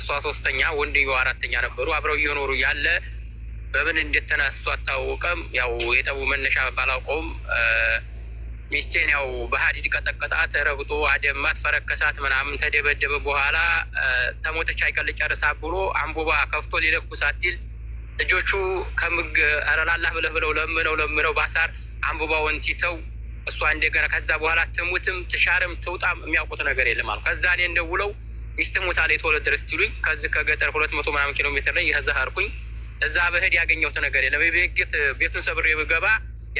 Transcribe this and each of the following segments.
እሷ ሶስተኛ ወንድየው አራተኛ ነበሩ። አብረው እየኖሩ ያለ በምን እንደተነሱ አታወቀም። ያው የጠቡ መነሻ ባላውቀውም ሚስቴን ያው በሀዲድ ቀጠቀጣት፣ ረግጦ አደማት፣ ፈረከሳት፣ ምናምን ተደበደበ። በኋላ ተሞተች አይቀል ጨርሳ ብሎ አንቡባ ከፍቶ ሊለኩሳት ሲል ልጆቹ ከምግ ረላላህ ብለህ ብለው ለምነው ለምነው ባሳር አንቡባውን ትተው እሷ እንደገና ከዛ በኋላ ትሙትም ትሻርም ትውጣም የሚያውቁት ነገር የለም አሉ። ከዛ እኔ እንደውለው ሚስት ሙታ ላይ ተወለድ ድረስ ሲሉኝ ከዚህ ከገጠር ሁለት መቶ ምናምን ኪሎ ሜትር ላይ ይህዛ አርኩኝ እዛ በህድ ያገኘሁት ነገር የለም። ቤት ቤቱን ሰብሬ ብገባ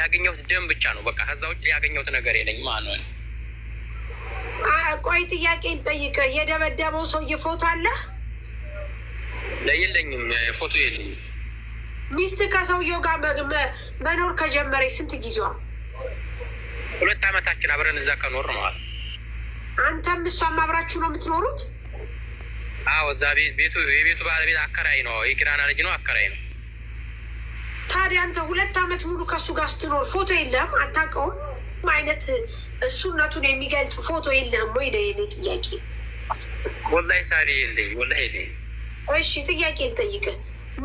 ያገኘሁት ደም ብቻ ነው። በቃ ከዛ ውጭ ያገኘሁት ነገር የለኝ ማለት ነው። ቆይ ጥያቄ ልጠይቅ። የደበደበው ሰውዬ ፎቶ አለ? ለየለኝም ፎቶ የለኝም። ሚስት ከሰውየው ጋር መኖር ከጀመረ ስንት ጊዜዋ? ሁለት አመታችን አብረን እዛ ከኖር ነዋል። አንተም እሷም አብራችሁ ነው የምትኖሩት? አዎ እዛ ቤቱ የቤቱ ባለቤት አከራይ ነው፣ የኪራና ልጅ ነው፣ አከራይ ነው። ታዲያ አንተ ሁለት አመት ሙሉ ከእሱ ጋር ስትኖር ፎቶ የለም አታውቀውም? አይነት እሱነቱን የሚገልጽ ፎቶ የለም ወይ ነው የኔ ጥያቄ። ወላሂ ሳሪ የለኝ፣ ወላሂ የለኝ። እሺ ጥያቄ ልጠይቅ፣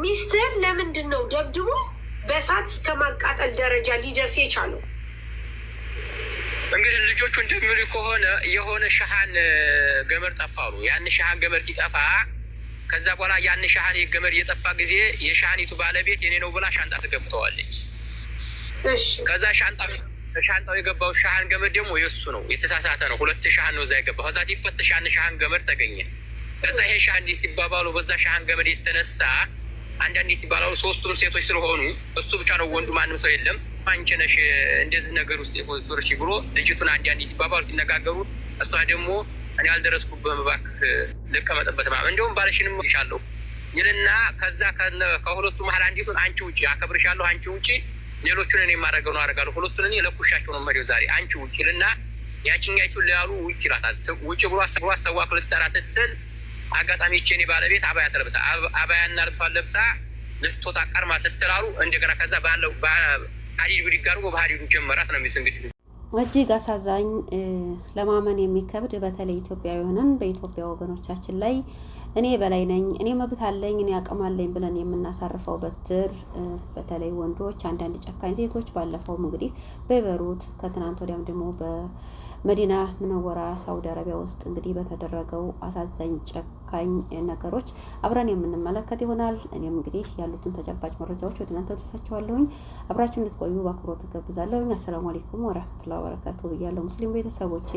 ሚስትህን ለምንድን ነው ደብድቦ በእሳት እስከ ማቃጠል ደረጃ ሊደርስ የቻለው? እንግዲህ ልጆቹ እንደሚሉ ከሆነ የሆነ ሻሃን ገመድ ጠፋሉ ያን ሻሃን ገመድ ሲጠፋ ከዛ በኋላ ያን ሻሃን ገመድ የጠፋ ጊዜ የሻሃኒቱ ባለቤት የኔ ነው ብላ ሻንጣ ትገብተዋለች። ከዛ ሻንጣ ሻንጣው የገባው ሻሃን ገመድ ደግሞ የእሱ ነው፣ የተሳሳተ ነው። ሁለት ሻሃን ነው እዛ የገባው። ከዛ ሲፈተሽ ያን ሻሃን ገመድ ተገኘ። ከዛ ይሄ ሻሃን እንዴት ይባባሉ። በዛ ሻሃን ገመድ የተነሳ አንዳንዴት ይባላሉ። ሶስቱም ሴቶች ስለሆኑ እሱ ብቻ ነው ወንዱ፣ ማንም ሰው የለም። አንቺ ነሽ እንደዚህ ነገር ውስጥ የቆጠርሽ ብሎ ልጅቱን አንድ አንድ ይባባሉ፣ ሲነጋገሩ እሷ ደግሞ እኔ አልደረስኩብህም እባክህ ልቀመጥበት ማ እንዲሁም ባለሽንም ይሻለሁ ይልና ከዛ ከሁለቱ መሀል አንዲቱን አንቺ ውጪ አከብርሻለሁ፣ አንቺ ውጪ፣ ሌሎቹን እኔ የማደርገው ነው አደርጋለሁ፣ ሁለቱን እኔ ለኩሻቸው ነው መሪው ዛሬ አንቺ ውጭ ልና ያችኛይቱን ሊያሉ ውጭ ይላታል። ውጭ ብሎ ሰዋ ክልጠራ ትትል አጋጣሚ ቼኔ ባለቤት አባያ ተለብሳ አባያ ልብሷን ለብሳ ልትወጣ ቀርማ ትትላሉ። እንደገና ከዛ ባለው ሀዲድ ብድግ አድርጎ በሀዲዱ ጀመራት ነው የሚሉት እንግዲህ እጅግ አሳዛኝ ለማመን የሚከብድ በተለይ ኢትዮጵያዊ ሆነን በኢትዮጵያ ወገኖቻችን ላይ እኔ በላይ ነኝ፣ እኔ መብት አለኝ፣ እኔ አቅም አለኝ ብለን የምናሳርፈው በትር በተለይ ወንዶች፣ አንዳንድ ጨካኝ ሴቶች ባለፈውም እንግዲህ በቤይሩት ከትናንት ወዲያም ደግሞ በመዲና ምነወራ ሳውዲ አረቢያ ውስጥ እንግዲህ በተደረገው አሳዛኝ ጨ ጨካኝ ነገሮች አብረን የምንመለከት ይሆናል። እኔም እንግዲህ ያሉትን ተጨባጭ መረጃዎች ወደ እናንተ ተሳቸዋለሁኝ። አብራችሁ እንድትቆዩ በአክብሮት ተገብዛለሁኝ። አሰላሙ አሌይኩም ወረህመቱላ ወበረካቱ ብያለሁ። ሙስሊም ቤተሰቦቼ፣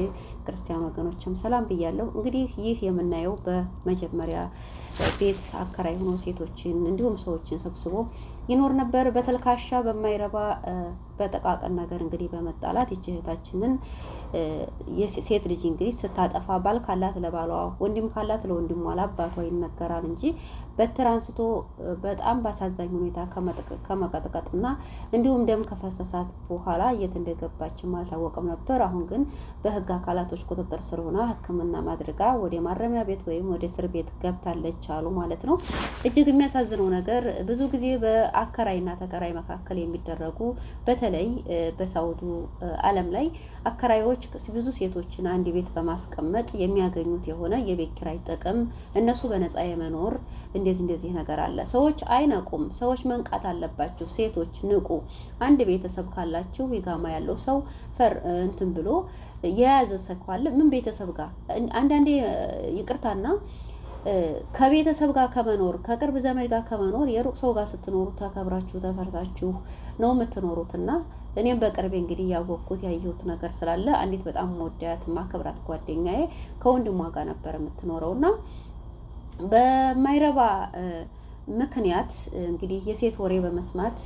ክርስቲያን ወገኖችም ሰላም ብያለሁ። እንግዲህ ይህ የምናየው በመጀመሪያ ቤት አከራይ ሆኖ ሴቶችን እንዲሁም ሰዎችን ሰብስቦ ይኖር ነበር። በተልካሻ በማይረባ በጠቃቀን ነገር እንግዲህ በመጣላት ይች እህታችንን ሴት ልጅ እንግዲህ ስታጠፋ ባል ካላት ለባሏ፣ ወንድም ካላት ለወንድሙ ታሟል፣ አባቷ ይነገራል እንጂ በትር አንስቶ በጣም ባሳዛኝ ሁኔታ ከመቀጥቀጥና እንዲሁም ደም ከፈሰሳት በኋላ የት እንደገባችም አልታወቀም ነበር። አሁን ግን በህግ አካላቶች ቁጥጥር ስር ሆና ሕክምና ማድረጋ ወደ ማረሚያ ቤት ወይም ወደ እስር ቤት ገብታለች አሉ ማለት ነው። እጅግ የሚያሳዝነው ነገር ብዙ ጊዜ በአከራይና ተከራይ መካከል የሚደረጉ በተለይ በሳውዱ ዓለም ላይ አከራዮች ብዙ ሴቶችን አንድ ቤት በማስቀመጥ የሚያገኙት የሆነ የቤት ኪራይ ጥቅም እነሱ በነፃ የመኖር እንደዚህ እንደዚህ ነገር አለ። ሰዎች አይነቁም። ሰዎች መንቃት አለባችሁ። ሴቶች ንቁ። አንድ ቤተሰብ ካላችሁ ይጋማ ያለው ሰው ፈር እንትን ብሎ የያዘ ሰው ምን ቤተሰብ ጋር አንዳንዴ ይቅርታና ከቤተሰብ ጋር ከመኖር ከቅርብ ዘመድ ጋር ከመኖር የሩቅ ሰው ጋር ስትኖሩ ተከብራችሁ ተፈርታችሁ ነው የምትኖሩትና እኔም በቅርቤ እንግዲህ ያወቅኩት ያየሁት ነገር ስላለ አንዲት በጣም መወዳያት ማከብራት ጓደኛዬ ከወንድሟ ጋር ነበር የምትኖረው እና በማይረባ ምክንያት እንግዲህ የሴት ወሬ በመስማት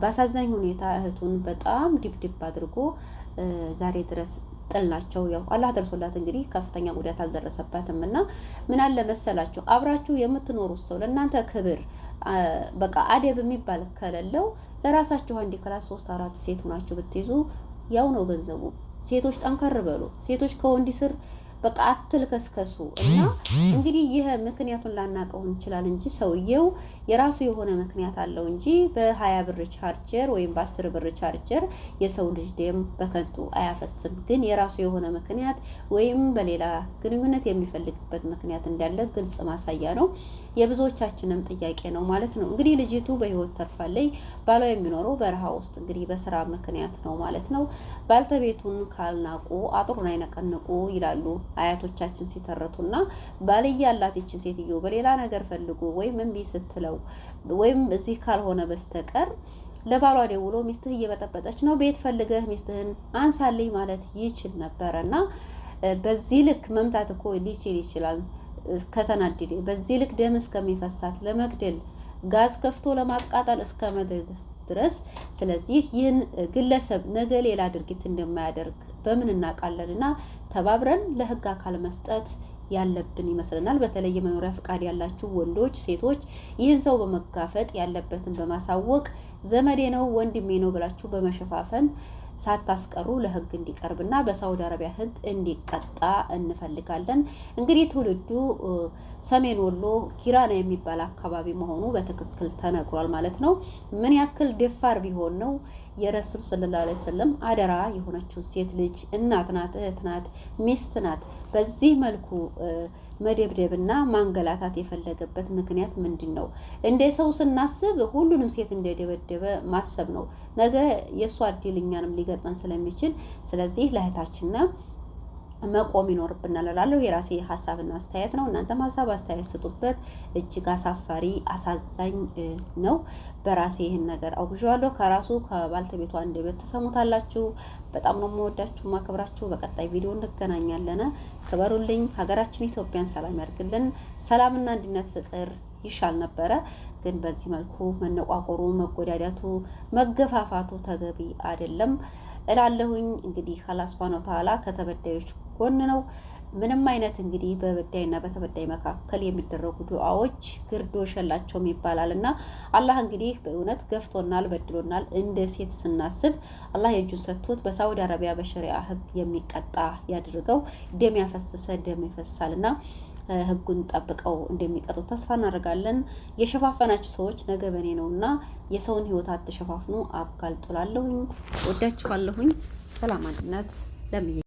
በአሳዛኝ ሁኔታ እህቱን በጣም ድብድብ አድርጎ ዛሬ ድረስ ጥልናቸው ያው አላህ ደርሶላት እንግዲህ ከፍተኛ ጉዳት አልደረሰባትም እና ምን አለ መሰላችሁ አብራችሁ የምትኖሩት ሰው ለእናንተ ክብር በቃ አደብ የሚባል ከሌለው ለራሳችሁ አንድ ክላስ ሶስት አራት ሴት ሆናችሁ ብትይዙ ያው ነው ገንዘቡ። ሴቶች ጠንከር በሉ። ሴቶች ከወንድ ስር በቃ አትልከስከሱ። እና እንግዲህ ይህ ምክንያቱን ላናቀው እንችላል እንጂ ሰውየው የራሱ የሆነ ምክንያት አለው እንጂ በሀያ ብር ቻርጀር ወይም በአስር ብር ቻርጀር የሰው ልጅ ደም በከንቱ አያፈስም። ግን የራሱ የሆነ ምክንያት ወይም በሌላ ግንኙነት የሚፈልግበት ምክንያት እንዳለ ግልጽ ማሳያ ነው። የብዙዎቻችንም ጥያቄ ነው ማለት ነው። እንግዲህ ልጅቱ በህይወት ተርፋለይ። ባሏ የሚኖረው በረሃ ውስጥ እንግዲህ በስራ ምክንያት ነው ማለት ነው። ባልተቤቱን ካልናቁ አጥሩን አይነቀንቁ ይላሉ። አያቶቻችን ሲተረቱና ባል አላት ይችን ሴትዮ በሌላ ነገር ፈልጎ ወይም እምቢ ስትለው ወይም እዚህ ካልሆነ በስተቀር ለባሏ ደውሎ ሚስትህ እየበጠበጠች ነው፣ ቤት ፈልገህ ሚስትህን አንሳልኝ ማለት ይችል ነበረና በዚህ ልክ መምታት እኮ ሊችል ይችላል ከተናደደ በዚህ ልክ ደም እስከሚፈሳት ለመግደል ጋዝ ከፍቶ ለማቃጠል እስከ መድረስ ድረስ። ስለዚህ ይህን ግለሰብ ነገ ሌላ ድርጊት እንደማያደርግ በምን እናውቃለን? እና ተባብረን ለህግ አካል መስጠት ያለብን ይመስለናል። በተለይ የመኖሪያ ፍቃድ ያላችሁ ወንዶች፣ ሴቶች ይህን ሰው በመጋፈጥ ያለበትን በማሳወቅ ዘመዴ ነው ወንድሜ ነው ብላችሁ በመሸፋፈን ሳታስቀሩ ለህግ እንዲቀርብና በሳውዲ አረቢያ ህግ እንዲቀጣ እንፈልጋለን። እንግዲህ ትውልዱ ሰሜን ወሎ ኪራና የሚባል አካባቢ መሆኑ በትክክል ተነግሯል ማለት ነው። ምን ያክል ደፋር ቢሆን ነው የረሱል ሰለላሁ ዐለይሂ ወሰለም አደራ የሆነችው ሴት ልጅ እናት ናት፣ እህት ናት፣ ሚስት ናት። በዚህ መልኩ መደብደብና ማንገላታት የፈለገበት ምክንያት ምንድን ነው? እንደ ሰው ስናስብ ሁሉንም ሴት እንደደበደበ ማሰብ ነው። ነገ የእሷ እድል እኛንም ሊገጥመን ስለሚችል ስለዚህ ለእህታችን መቆም ይኖርብናል እላለሁ። የራሴ ሀሳብና አስተያየት ነው። እናንተም ሀሳብ አስተያየት ስጡበት። እጅግ አሳፋሪ አሳዛኝ ነው። በራሴ ይህን ነገር አውግዣዋለሁ። ከራሱ ከባልተቤቱ አንድ ቤት ትሰሙታላችሁ። በጣም ነው የምወዳችሁ ማክብራችሁ። በቀጣይ ቪዲዮ እንገናኛለን። ክበሩልኝ። ሀገራችን ኢትዮጵያን ሰላም ያድርግልን። ሰላምና አንድነት ፍቅር ይሻል ነበረ። ግን በዚህ መልኩ መነቋቆሩ፣ መጎዳዳቱ፣ መገፋፋቱ ተገቢ አይደለም እላለሁኝ። እንግዲህ አላህ ሱብሃነሁ ወተዓላ ከተበዳዮች ጎን ነው። ምንም አይነት እንግዲህ በበዳይና በተበዳይ መካከል የሚደረጉ ዱዓዎች ግርዶሽ የላቸውም ይባላል እና አላህ እንግዲህ በእውነት ገፍቶናል፣ በድሎናል። እንደ ሴት ስናስብ አላህ የእጁን ሰጥቶት በሳውዲ አረቢያ በሸሪያ ሕግ የሚቀጣ ያድርገው። ደም ያፈሰሰ ደም ይፈሳል እና ህጉን ጠብቀው እንደሚቀጡ ተስፋ እናደርጋለን። የሸፋፈናችሁ ሰዎች ነገ በኔ ነው እና የሰውን ህይወት አትሸፋፍኑ። አጋልጡላለሁኝ። ወዳችኋለሁኝ። ሰላም አንድነት ለምዬ